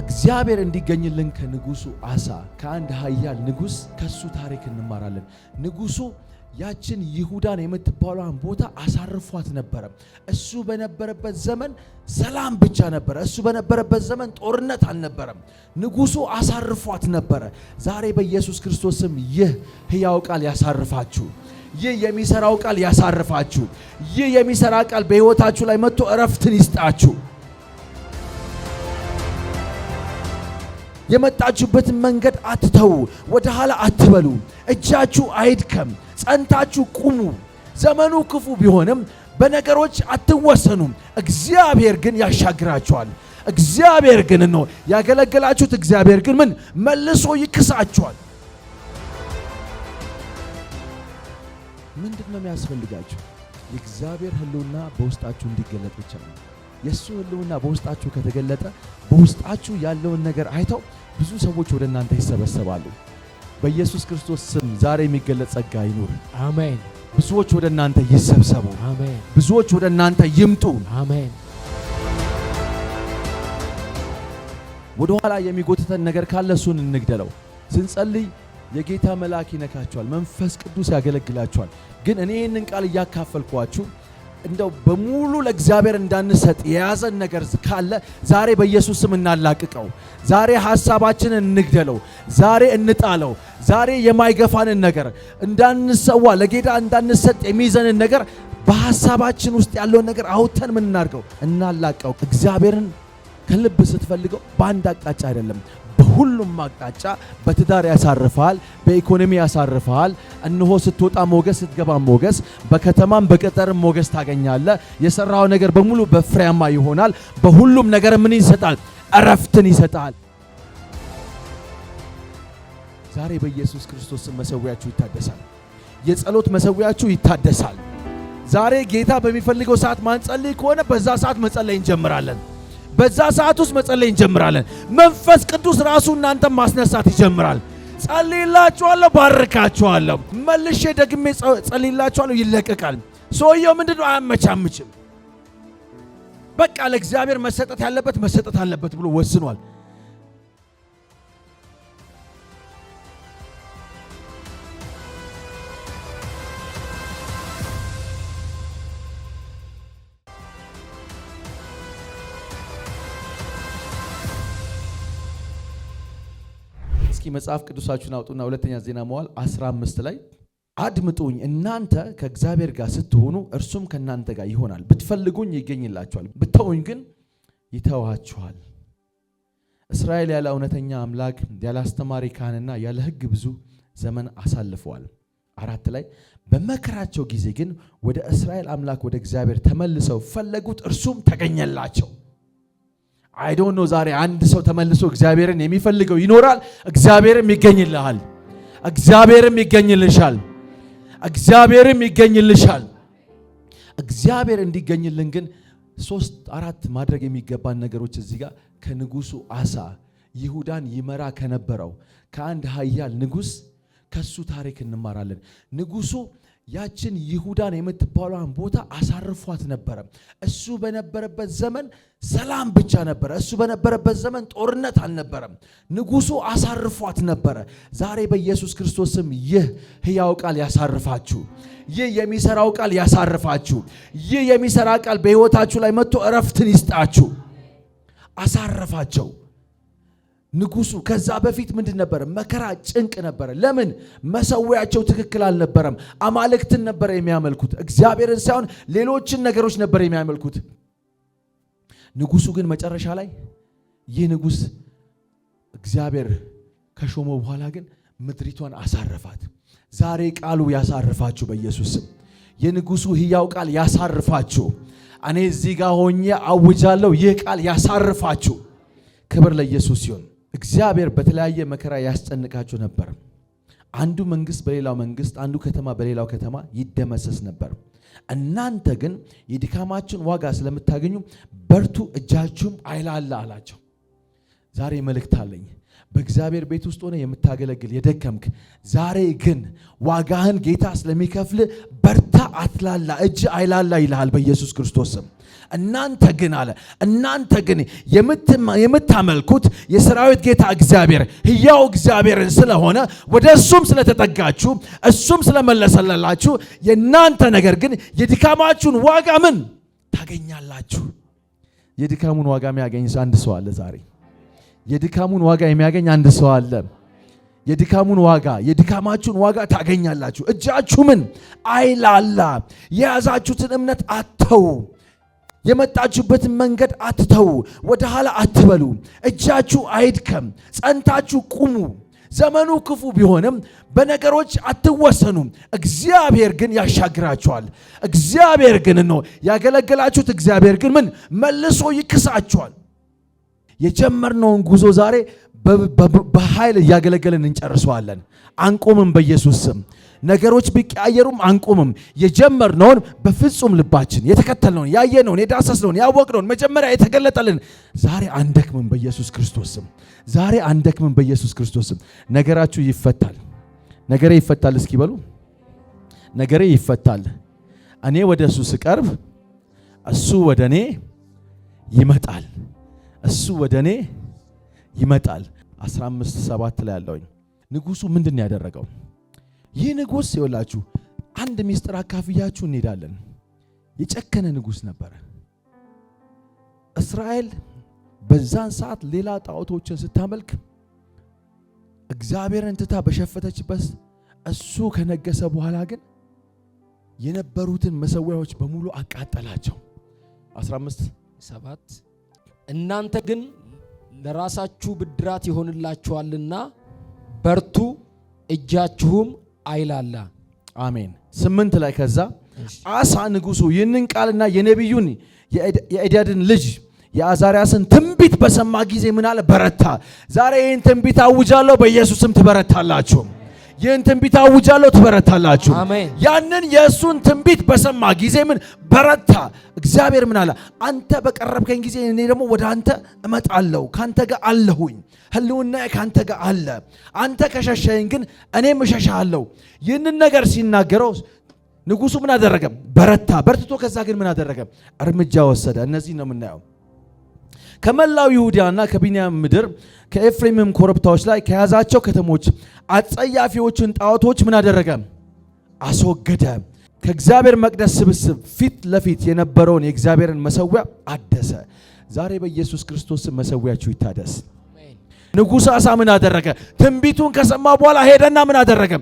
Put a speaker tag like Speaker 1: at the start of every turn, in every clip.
Speaker 1: እግዚአብሔር እንዲገኝልን ከንጉሱ አሳ ከአንድ ኃያል ንጉስ ከሱ ታሪክ እንማራለን። ንጉሱ ያችን ይሁዳን የምትባሏን ቦታ አሳርፏት ነበረ። እሱ በነበረበት ዘመን ሰላም ብቻ ነበረ። እሱ በነበረበት ዘመን ጦርነት አልነበረም። ንጉሱ አሳርፏት ነበረ። ዛሬ በኢየሱስ ክርስቶስም ይህ ሕያው ቃል ያሳርፋችሁ። ይህ የሚሰራው ቃል ያሳርፋችሁ። ይህ የሚሰራ ቃል በሕይወታችሁ ላይ መጥቶ እረፍትን ይስጣችሁ። የመጣችሁበትን መንገድ አትተው ወደ ኋላ አትበሉ፣ እጃችሁ አይድከም፣ ጸንታችሁ ቁሙ። ዘመኑ ክፉ ቢሆንም በነገሮች አትወሰኑም። እግዚአብሔር ግን ያሻግራችኋል። እግዚአብሔር ግን ነው ያገለገላችሁት። እግዚአብሔር ግን ምን መልሶ ይክሳችኋል። ምንድን ነው የሚያስፈልጋችሁ? የእግዚአብሔር ሕልውና በውስጣችሁ እንዲገለጥ ብቻ ነው። የእሱ ህልውና በውስጣችሁ ከተገለጠ በውስጣችሁ ያለውን ነገር አይተው ብዙ ሰዎች ወደ እናንተ ይሰበሰባሉ። በኢየሱስ ክርስቶስ ስም ዛሬ የሚገለጽ ጸጋ ይኑር። አሜን። ብዙዎች ወደ እናንተ ይሰብሰቡ። አሜን። ብዙዎች ወደ እናንተ ይምጡ። አሜን። ወደ ኋላ የሚጎትተን ነገር ካለ እሱን እንግደለው። ስንጸልይ የጌታ መልአክ ይነካቸዋል፣ መንፈስ ቅዱስ ያገለግላቸዋል። ግን እኔ ይህንን ቃል እያካፈልኳችሁ እንደው በሙሉ ለእግዚአብሔር እንዳንሰጥ የያዘን ነገር ካለ ዛሬ በኢየሱስ ስም እናላቅቀው። ዛሬ ሐሳባችንን እንግደለው። ዛሬ እንጣለው። ዛሬ የማይገፋንን ነገር እንዳንሰዋ፣ ለጌታ እንዳንሰጥ የሚይዘንን ነገር በሐሳባችን ውስጥ ያለውን ነገር አውጥተን ምን እናድርገው? እናላቀው። እግዚአብሔርን ከልብ ስትፈልገው በአንድ አቅጣጫ አይደለም፣ በሁሉም አቅጣጫ በትዳር ያሳርፈሃል፣ በኢኮኖሚ ያሳርፈሃል፣ እነሆ ስትወጣ ሞገስ፣ ስትገባ ሞገስ፣ በከተማም በገጠርም ሞገስ ታገኛለ። የሰራው ነገር በሙሉ በፍሬያማ ይሆናል። በሁሉም ነገር ምን ይሰጣል? እረፍትን ይሰጣል። ዛሬ በኢየሱስ ክርስቶስ መሰውያችሁ ይታደሳል። የጸሎት መሰዊያችሁ ይታደሳል። ዛሬ ጌታ በሚፈልገው ሰዓት ማንጸልይ ከሆነ በዛ ሰዓት መጸለይ እንጀምራለን። በዛ ሰዓት ውስጥ መጸለይ እንጀምራለን። መንፈስ ቅዱስ ራሱ እናንተም ማስነሳት ይጀምራል። ጸልላችኋለሁ፣ ባርካችኋለሁ፣ መልሼ ደግሜ ጸልላችኋለሁ፣ ይለቀቃል። ሰውየው ምንድነው አያመቻምችም። በቃ ለእግዚአብሔር መሰጠት ያለበት መሰጠት አለበት ብሎ ወስኗል። እስኪ መጽሐፍ ቅዱሳችሁን አውጡና ሁለተኛ ዜና መዋዕል 15 ላይ አድምጡኝ እናንተ ከእግዚአብሔር ጋር ስትሆኑ እርሱም ከእናንተ ጋር ይሆናል። ብትፈልጉኝ ይገኝላችኋል፣ ብትተውኝ ግን ይተዋችኋል። እስራኤል ያለ እውነተኛ አምላክ ያለ አስተማሪ ካህንና ያለ ሕግ ብዙ ዘመን አሳልፈዋል። አራት ላይ በመከራቸው ጊዜ ግን ወደ እስራኤል አምላክ ወደ እግዚአብሔር ተመልሰው ፈለጉት፣ እርሱም ተገኘላቸው። አይዶን ነው። ዛሬ አንድ ሰው ተመልሶ እግዚአብሔርን የሚፈልገው ይኖራል። እግዚአብሔርም ይገኝልሃል። እግዚአብሔርም ይገኝልሻል። እግዚአብሔርም ይገኝልሻል። እግዚአብሔር እንዲገኝልን ግን ሶስት አራት ማድረግ የሚገባን ነገሮች እዚህ ጋር ከንጉሱ አሳ ይሁዳን ይመራ ከነበረው ከአንድ ኃያል ንጉስ ከሱ ታሪክ እንማራለን። ንጉሱ ያችን ይሁዳን የምትባሏን ቦታ አሳርፏት ነበረ። እሱ በነበረበት ዘመን ሰላም ብቻ ነበረ። እሱ በነበረበት ዘመን ጦርነት አልነበረም። ንጉሱ አሳርፏት ነበረ። ዛሬ በኢየሱስ ክርስቶስም ይህ ሕያው ቃል ያሳርፋችሁ። ይህ የሚሰራው ቃል ያሳርፋችሁ። ይህ የሚሰራ ቃል በሕይወታችሁ ላይ መጥቶ እረፍትን ይስጣችሁ። አሳረፋቸው። ንጉሱ ከዛ በፊት ምንድን ነበረ? መከራ ጭንቅ ነበረ። ለምን? መሰዊያቸው ትክክል አልነበረም። አማልክትን ነበረ የሚያመልኩት፣ እግዚአብሔርን ሳይሆን ሌሎችን ነገሮች ነበር የሚያመልኩት። ንጉሱ ግን መጨረሻ ላይ ይህ ንጉስ እግዚአብሔር ከሾመ በኋላ ግን ምድሪቷን አሳረፋት። ዛሬ ቃሉ ያሳርፋችሁ በኢየሱስ ስም። የንጉሱ ህያው ቃል ያሳርፋችሁ። እኔ እዚህ ጋር ሆኜ አውጃለሁ። ይህ ቃል ያሳርፋችሁ። ክብር ለኢየሱስ ይሁን። እግዚአብሔር በተለያየ መከራ ያስጨንቃቸው ነበር። አንዱ መንግስት በሌላው መንግስት፣ አንዱ ከተማ በሌላው ከተማ ይደመሰስ ነበር። እናንተ ግን የድካማችን ዋጋ ስለምታገኙ በርቱ፣ እጃችሁም አይላላ አላቸው። ዛሬ መልእክት አለኝ። በእግዚአብሔር ቤት ውስጥ ሆነ የምታገለግል የደከምክ፣ ዛሬ ግን ዋጋህን ጌታ ስለሚከፍል በርታ፣ አትላላ፣ እጅ አይላላ ይልሃል በኢየሱስ ክርስቶስ ስም። እናንተ ግን አለ እናንተ ግን የምታመልኩት የሰራዊት ጌታ እግዚአብሔር ሕያው እግዚአብሔርን ስለሆነ ወደ እሱም ስለተጠጋችሁ እሱም ስለመለሰለላችሁ የእናንተ ነገር ግን የድካማችሁን ዋጋ ምን ታገኛላችሁ? የድካሙን ዋጋ የሚያገኝ አንድ ሰው አለ ዛሬ የድካሙን ዋጋ የሚያገኝ አንድ ሰው አለ። የድካሙን ዋጋ የድካማችሁን ዋጋ ታገኛላችሁ። እጃችሁ ምን አይላላ። የያዛችሁትን እምነት አተው የመጣችሁበትን መንገድ አትተው ወደ ኋላ አትበሉ። እጃችሁ አይድከም። ጸንታችሁ ቁሙ። ዘመኑ ክፉ ቢሆንም በነገሮች አትወሰኑ እግዚአብሔር ግን ያሻግራችኋል። እግዚአብሔር ግን ነው ያገለገላችሁት። እግዚአብሔር ግን ምን መልሶ ይክሳችኋል። የጀመርነውን ጉዞ ዛሬ በኃይል እያገለገልን እንጨርሰዋለን። አንቆምም። በኢየሱስ ስም ነገሮች ቢቀያየሩም አንቆምም። የጀመርነውን በፍጹም ልባችን የተከተልነውን፣ ያየነውን፣ የዳሰስነውን፣ ያወቅነውን መጀመሪያ የተገለጠልን ዛሬ አንደክምም። በኢየሱስ ክርስቶስ ስም ዛሬ አንደክምም። በኢየሱስ ክርስቶስ ስም ነገራችሁ ይፈታል። ነገሬ ይፈታል። እስኪ በሉ ነገሬ ይፈታል። እኔ ወደ እሱ ስቀርብ እሱ ወደ እኔ ይመጣል። እሱ ወደ እኔ ይመጣል። 15 ሰባት ላይ ያለውኝ ንጉሱ ምንድን ነው ያደረገው? ይህ ንጉስ ይወላችሁ አንድ ሚስጥር አካፍያችሁ እንሄዳለን። የጨከነ ንጉስ ነበረ። እስራኤል በዛን ሰዓት ሌላ ጣዖቶችን ስታመልክ እግዚአብሔርን ትታ በሸፈተችበት እሱ ከነገሰ በኋላ ግን የነበሩትን መሰዊያዎች በሙሉ አቃጠላቸው። 15 7 እናንተ ግን ለራሳችሁ ብድራት ይሆንላችኋልና በርቱ፣ እጃችሁም አይላላ። አሜን። ስምንት ላይ ከዛ አሳ ንጉሱ ይህንን ቃልና የነቢዩን የኤዳድን ልጅ የአዛርያስን ትንቢት በሰማ ጊዜ ምን አለ? በረታ። ዛሬ ይህን ትንቢት አውጃለሁ፣ በኢየሱስም ትበረታላችሁም። ይህን ትንቢት አውጃለሁ፣ ትበረታላችሁ። ያንን የእሱን ትንቢት በሰማ ጊዜ ምን በረታ። እግዚአብሔር ምን አለ? አንተ በቀረብከኝ ጊዜ እኔ ደግሞ ወደ አንተ እመጣለሁ፣ ከአንተ ጋር አለሁኝ፣ ህልውና ከአንተ ጋር አለ። አንተ ከሸሸኝ ግን እኔም እሸሻለሁ። ይህንን ነገር ሲናገረው ንጉሱ ምን አደረገ? በረታ። በርትቶ ከዛ ግን ምን አደረገ? እርምጃ ወሰደ። እነዚህ ነው የምናየው ከመላው ይሁዳና ከቢንያም ምድር ከኤፍሬምም ኮረብታዎች ላይ ከያዛቸው ከተሞች አጸያፊዎችን ጣዖቶች ምን አደረገ? አስወገደ። ከእግዚአብሔር መቅደስ ስብስብ ፊት ለፊት የነበረውን የእግዚአብሔርን መሰዊያ አደሰ። ዛሬ በኢየሱስ ክርስቶስ መሰዊያችሁ ይታደስ። ንጉሥ አሳ ምን አደረገ? ትንቢቱን ከሰማ በኋላ ሄደና ምን አደረገ?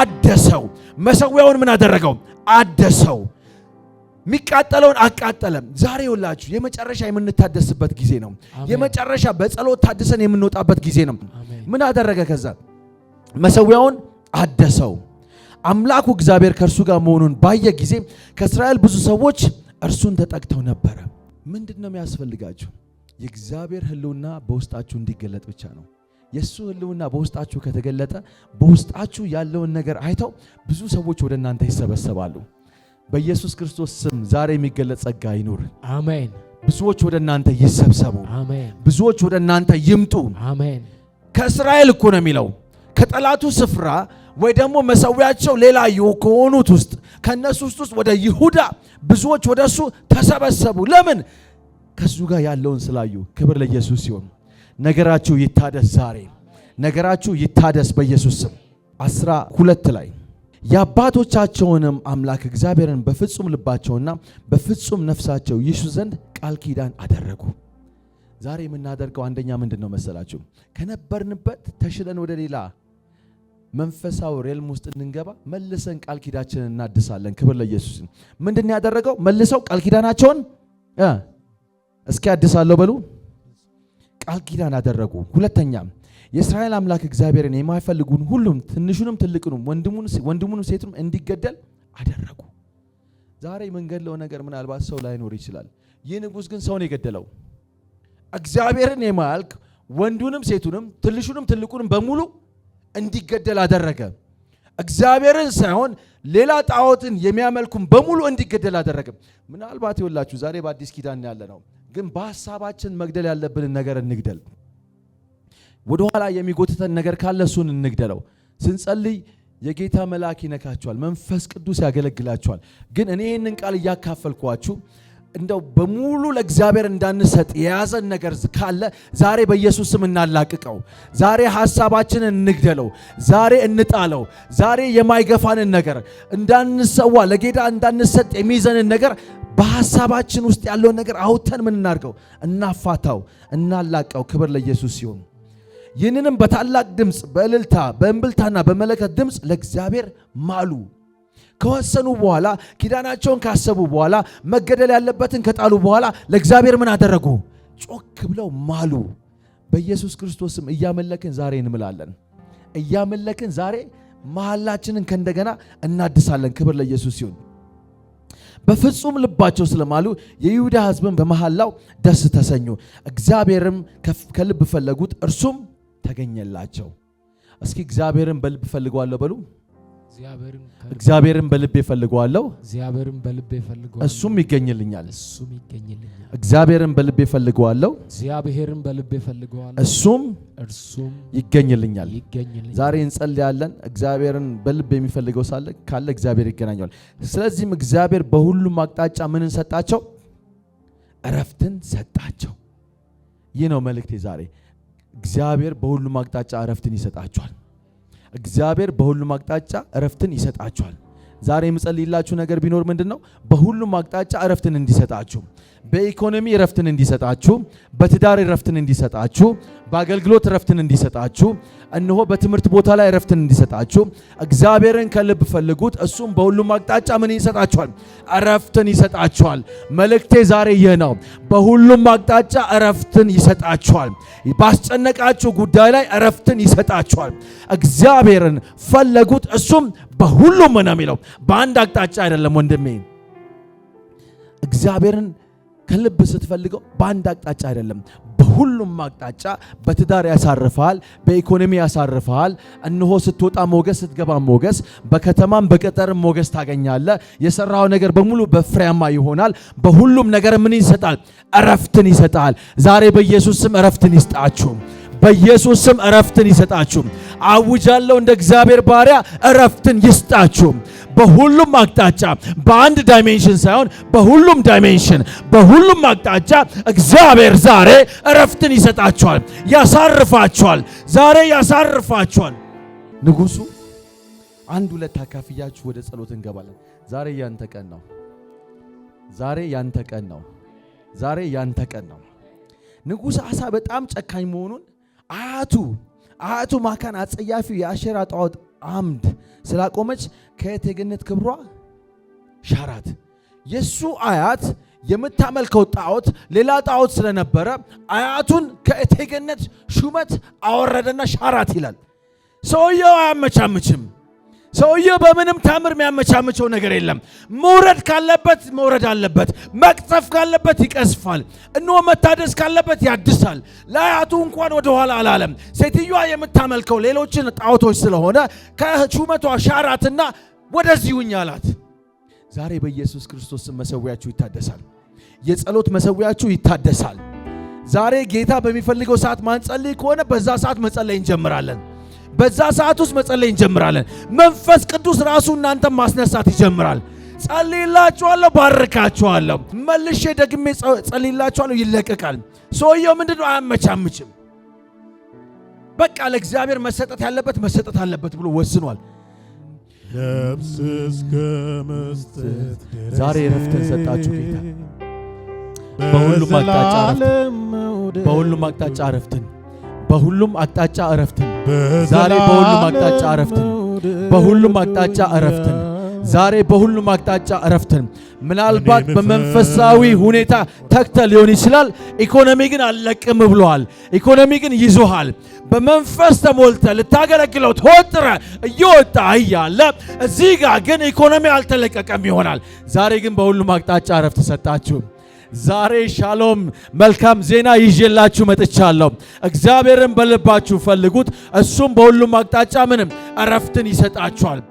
Speaker 1: አደሰው። መሰዊያውን ምን አደረገው? አደሰው። የሚቃጠለውን አቃጠለም። ዛሬ ሁላችሁ የመጨረሻ የምንታደስበት ጊዜ ነው። የመጨረሻ በጸሎት ታድሰን የምንወጣበት ጊዜ ነው። ምን አደረገ ከዛ መሰዊያውን አደሰው። አምላኩ እግዚአብሔር ከእርሱ ጋር መሆኑን ባየ ጊዜ ከእስራኤል ብዙ ሰዎች እርሱን ተጠግተው ነበረ። ምንድን ነው የሚያስፈልጋችሁ? የእግዚአብሔር ሕልውና በውስጣችሁ እንዲገለጥ ብቻ ነው። የእሱ ሕልውና በውስጣችሁ ከተገለጠ በውስጣችሁ ያለውን ነገር አይተው ብዙ ሰዎች ወደ እናንተ ይሰበሰባሉ። በኢየሱስ ክርስቶስ ስም ዛሬ የሚገለጥ ጸጋ ይኑር። አሜን። ብዙዎች ወደ እናንተ ይሰብሰቡ። አሜን። ብዙዎች ወደ እናንተ ይምጡ። አሜን። ከእስራኤል እኮ ነው የሚለው ከጠላቱ ስፍራ ወይ ደግሞ መሰዊያቸው ሌላ ከሆኑት ውስጥ ከእነሱ ውስጥ ውስጥ ወደ ይሁዳ ብዙዎች ወደ እሱ ተሰበሰቡ። ለምን? ከሱ ጋር ያለውን ስላዩ። ክብር ለኢየሱስ ሲሆን ነገራችሁ ይታደስ። ዛሬ ነገራችሁ ይታደስ በኢየሱስ ስም። አስራ ሁለት ላይ የአባቶቻቸውንም አምላክ እግዚአብሔርን በፍጹም ልባቸውና በፍጹም ነፍሳቸው ይሹ ዘንድ ቃል ኪዳን አደረጉ። ዛሬ የምናደርገው አንደኛ ምንድን ነው መሰላችሁ? ከነበርንበት ተሽለን ወደ ሌላ መንፈሳዊ ሬልም ውስጥ እንድንገባ መልሰን ቃል ኪዳችንን እናድሳለን። ክብር ለኢየሱስ። ምንድን ያደረገው መልሰው ቃል ኪዳናቸውን እስኪ አድሳለሁ በሉ ቃል ኪዳን አደረጉ። ሁለተኛም የእስራኤል አምላክ እግዚአብሔርን የማይፈልጉን ሁሉም ትንሹንም ትልቁንም ወንድሙንም ሴቱንም እንዲገደል አደረጉ። ዛሬ መንገድለው ነገር ምናልባት ሰው ላይኖር ይችላል። ይህ ንጉሥ ግን ሰውን የገደለው እግዚአብሔርን የማያልክ ወንዱንም ሴቱንም ትንሹንም ትልቁንም በሙሉ እንዲገደል አደረገ። እግዚአብሔርን ሳይሆን ሌላ ጣዖትን የሚያመልኩም በሙሉ እንዲገደል አደረገ። ምናልባት ይወላችሁ ዛሬ በአዲስ ኪዳን ያለ ነው፣ ግን በሀሳባችን መግደል ያለብንን ነገር እንግደል። ወደኋላ የሚጎትተን ነገር ካለ እሱን እንግደለው። ስንጸልይ የጌታ መልአክ ይነካችኋል፣ መንፈስ ቅዱስ ያገለግላችኋል። ግን እኔ ይህንን ቃል እያካፈልኳችሁ እንደው በሙሉ ለእግዚአብሔር እንዳንሰጥ የያዘን ነገር ካለ ዛሬ በኢየሱስ ስም እናላቅቀው። ዛሬ ሐሳባችንን እንግደለው። ዛሬ እንጣለው። ዛሬ የማይገፋንን ነገር እንዳንሰዋ፣ ለጌታ እንዳንሰጥ የሚይዘንን ነገር በሐሳባችን ውስጥ ያለውን ነገር አውተን ምን እናድርገው? እናፋታው፣ እናላቀው። ክብር ለኢየሱስ ሲሆኑ ይህንንም በታላቅ ድምፅ በእልልታ በእምብልታና በመለከት ድምፅ ለእግዚአብሔር ማሉ። ከወሰኑ በኋላ ኪዳናቸውን ካሰቡ በኋላ መገደል ያለበትን ከጣሉ በኋላ ለእግዚአብሔር ምን አደረጉ? ጮክ ብለው ማሉ። በኢየሱስ ክርስቶስም እያመለክን ዛሬ እንምላለን። እያመለክን ዛሬ መሐላችንን ከእንደገና እናድሳለን። ክብር ለኢየሱስ ሲሆን በፍጹም ልባቸው ስለማሉ የይሁዳ ሕዝብን በመሐላው ደስ ተሰኙ። እግዚአብሔርም ከልብ ፈለጉት፣ እርሱም ተገኘላቸው። እስኪ እግዚአብሔርን በልብ ፈልገዋለሁ በሉ። እግዚአብሔርን በልቤ እፈልገዋለሁ፣ እሱም ይገኝልኛል። እግዚአብሔርን በልቤ እፈልገዋለሁ፣ እሱም ይገኝልኛል። ዛሬ እንጸልያለን። እግዚአብሔርን በልብ የሚፈልገው ሳለ ካለ እግዚአብሔር ይገናኘዋል። ስለዚህም እግዚአብሔር በሁሉም አቅጣጫ ምንን ሰጣቸው? እረፍትን ሰጣቸው። ይህ ነው መልእክቴ ዛሬ። እግዚአብሔር በሁሉም አቅጣጫ እረፍትን ይሰጣቸዋል። እግዚአብሔር በሁሉም አቅጣጫ እረፍትን ይሰጣችኋል። ዛሬ የምጸልይላችሁ ነገር ቢኖር ምንድን ነው? በሁሉም አቅጣጫ እረፍትን እንዲሰጣችሁ፣ በኢኮኖሚ እረፍትን እንዲሰጣችሁ፣ በትዳር እረፍትን እንዲሰጣችሁ በአገልግሎት እረፍትን እንዲሰጣችሁ እነሆ በትምህርት ቦታ ላይ እረፍትን እንዲሰጣችሁ እግዚአብሔርን ከልብ ፈልጉት፣ እሱም በሁሉም አቅጣጫ ምን ይሰጣችኋል? እረፍትን ይሰጣችኋል። መልእክቴ ዛሬ ይህ ነው። በሁሉም አቅጣጫ እረፍትን ይሰጣችኋል። ባስጨነቃችሁ ጉዳይ ላይ እረፍትን ይሰጣችኋል። እግዚአብሔርን ፈለጉት፣ እሱም በሁሉም ነው የሚለው በአንድ አቅጣጫ አይደለም ወንድሜ። እግዚአብሔርን ከልብ ስትፈልገው በአንድ አቅጣጫ አይደለም፣ በሁሉም አቅጣጫ በትዳር ያሳርፈሃል፣ በኢኮኖሚ ያሳርፈሃል። እነሆ ስትወጣ ሞገስ፣ ስትገባ ሞገስ፣ በከተማም በገጠርም ሞገስ ታገኛለ። የሰራው ነገር በሙሉ በፍሬያማ ይሆናል። በሁሉም ነገር ምን ይሰጣል? እረፍትን ይሰጣል። ዛሬ በኢየሱስ ስም እረፍትን ይስጣችሁም። በኢየሱስ ስም እረፍትን ይሰጣችሁ። አውጃለሁ እንደ እግዚአብሔር ባሪያ እረፍትን ይስጣችሁ። በሁሉም አቅጣጫ በአንድ ዳይሜንሽን ሳይሆን በሁሉም ዳይሜንሽን በሁሉም አቅጣጫ እግዚአብሔር ዛሬ እረፍትን ይሰጣችኋል፣ ያሳርፋችኋል። ዛሬ ያሳርፋችኋል። ንጉሱ አንድ ሁለት አካፍያችሁ ወደ ጸሎት እንገባለን። ዛሬ ያንተ ቀን ነው። ዛሬ ያንተ ቀን ነው። ዛሬ ያንተ ቀን ነው። ንጉሥ አሳ በጣም ጨካኝ መሆኑን አያቱ አያቱ ማካን አጸያፊው የአሸራ ጣዖት አምድ ስላቆመች ከእቴጌነት ክብሯ ሻራት። የእሱ አያት የምታመልከው ጣዖት ሌላ ጣዖት ስለነበረ አያቱን ከእቴጌነት ሹመት አወረደና ሻራት ይላል። ሰውየው አያመቻምችም። ሰውየው በምንም ታምር የሚያመቻመቸው ነገር የለም። መውረድ ካለበት መውረድ አለበት። መቅጸፍ ካለበት ይቀስፋል። እኖ መታደስ ካለበት ያድሳል። ለአያቱ እንኳን ወደኋላ አላለም። ሴትዮዋ የምታመልከው ሌሎችን ጣዖቶች ስለሆነ ከሹመቷ ሻራትና ወደዚሁኝ አላት። ዛሬ በኢየሱስ ክርስቶስ መሰዊያችሁ ይታደሳል። የጸሎት መሰዊያችሁ ይታደሳል። ዛሬ ጌታ በሚፈልገው ሰዓት ማንጸልይ ከሆነ በዛ ሰዓት መጸለይ እንጀምራለን። በዛ ሰዓት ውስጥ መጸለይ እንጀምራለን። መንፈስ ቅዱስ ራሱ እናንተን ማስነሳት ይጀምራል። ጸልይላችኋለሁ፣ ባርካችኋለሁ፣ መልሼ ደግሜ ጸልይላችኋለሁ። ይለቀቃል። ሰውየው ምንድን ነው አያመቻምችም። በቃ ለእግዚአብሔር መሰጠት ያለበት መሰጠት አለበት ብሎ ወስኗል። ነፍስ እስከ መስጠት ዛሬ ረፍትን ሰጣችሁ ጌታ። በሁሉም አቅጣጫ ረፍትን፣ በሁሉም አቅጣጫ ረፍትን በሁሉም አቅጣጫ እረፍትን ዛሬ በሁሉም አቅጣጫ እረፍትን በሁሉም አቅጣጫ እረፍትን ዛሬ በሁሉም አቅጣጫ እረፍትን። ምናልባት በመንፈሳዊ ሁኔታ ተክተ ሊሆን ይችላል። ኢኮኖሚ ግን አለቅም ብሏል። ኢኮኖሚ ግን ይዞሃል። በመንፈስ ተሞልተ ልታገለግለው ተወጥረ እየወጣ እያለ እዚህ ጋር ግን ኢኮኖሚ አልተለቀቀም ይሆናል። ዛሬ ግን በሁሉም አቅጣጫ እረፍት ሰጣችሁ። ዛሬ ሻሎም መልካም ዜና ይዤላችሁ መጥቻለሁ። እግዚአብሔርን በልባችሁ ፈልጉት፣ እሱም በሁሉም አቅጣጫ ምንም እረፍትን ይሰጣችኋል።